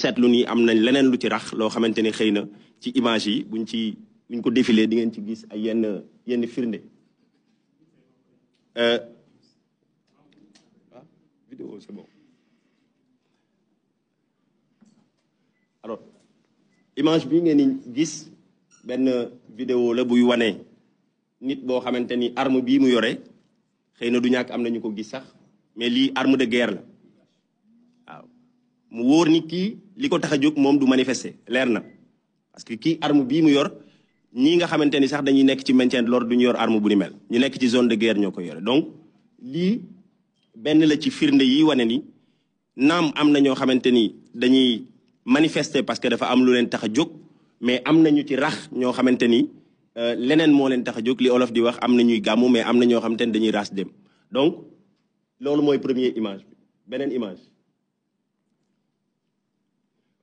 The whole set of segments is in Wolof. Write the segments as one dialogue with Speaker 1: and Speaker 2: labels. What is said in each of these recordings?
Speaker 1: seetlu ni am nañ leneen lu ci rax loo xamante ni xëy na ci image yi buñ ci buñ ko défilee di ngeen ci gis ay yenn yenn firnde euh, ah, vidéo c'est alors image bi ngeen gis benn vidéo la buy wane nit boo xamante ni arme bii mu yore xëy na du ñàkk am na ñu ko gis sax mais lii arme de guerre la mu wóor ni kii li ko tax a jóg moom du manifester leer na parce que kii armu bii mu yor ñii nga xamante ni sax dañuy nekk ci maintien de l'ordre yor arme bu ni ñu nekk ci zone de guerre ko yore donc lii benn la ci firnde yi wane ni naam am na ñoo xamante ni dañuy manifester parce que dafa am lu leen tax a jóg mais am na ci rax ñoo xamante ni euh, leneen moo leen tax a jóg li olof di wax am na ñuy gàmmu mais am na ñoo xamante ni dañuy raas dem donc loolu mooy premier image bi beneen image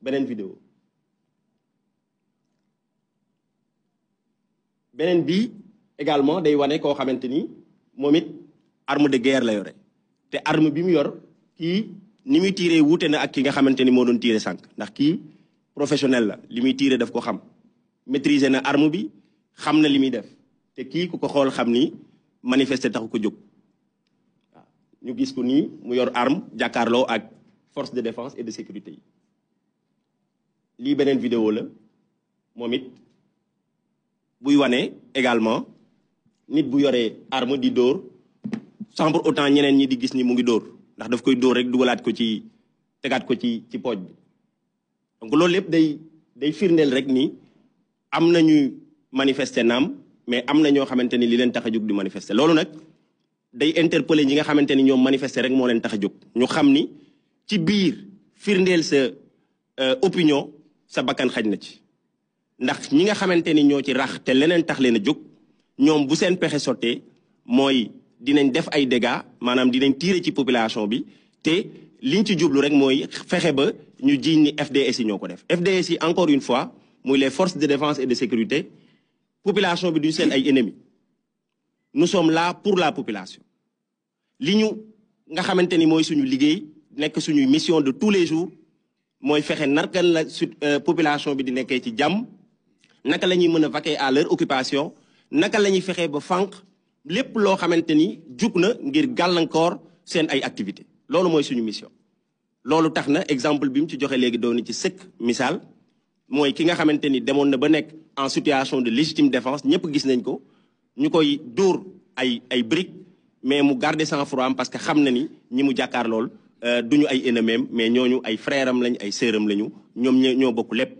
Speaker 1: benen vidéo benen bi également day wane ko xamanteni momit arme de guerre la yoré té arme bi mu yor ki ni muy tiiree wuute na ak ki nga xamanteni ni moo doon tiire sànq ndax ki professionnel la li muy daf ko xam maîtriser na arme bi xam na li def té ki ku ko xool xam ni manifester taxu ko jóg ñu gis ko ni mu yor arme jakarlo ak force de défense et de sécurité yi li benen vidéo la momit buy wané également nit bu yoré arme di dor sans pour autant ñeneen ñi di gis ni mu ngi dóor ndax daf koy dor rek dugalaat ko ci tegaat ko ci ci pooj donc loolu lépp day day firndeel rek ni am nañuy manifester nam mais am na ñoo xamante li leen tax di manifester loolu nak day interpeller ñi nga xamanteni ñom manifester rek mo leen tax ñu xam ni ci bir firndel sa euh, opinion sa bakkan xaj ci ndax ñi nga xamanteni ñoo ci rax te leneen tax leen a jóg ñoom bu seen pexe sottee mooy dinañ def ay dégâts maanaam dinañ tiire ci population bi te liñ ci jublu rek mooy fexe ba ñu jiiñ ni FDS yi ñoo ko def FDS yi encore une fois muy les forces de défense et de sécurité population bi duñ seen ay ennemi nous sommes là pour la population li ñu nga xamante ni mooy suñu liggéey nekk suñu mission de tous les jours moy fexé narkan la euh, population bi di nekkee ci diam. naka lañuy mëna mën a vaquer à leur occupation naka lañuy fexé ba fank lépp lo xamante ni jug na ngir gàllankoor seen ay activité lolu moy suñu mission lolu taxna exemple bi mu ci joxe léegi doon ci sëkk misal moy ki nga xamante démon na ba nek en situation de légitime défense ñepp gis nañ ko ñukoy dur ay ay briques mais mu garder sang froid parce que xamna ni ñi mu jakar lool Euh, du ñu ay ennemis mais ñooñu ay frères am lañ ay sœurs am lañu ñoom ñoo bokk lépp.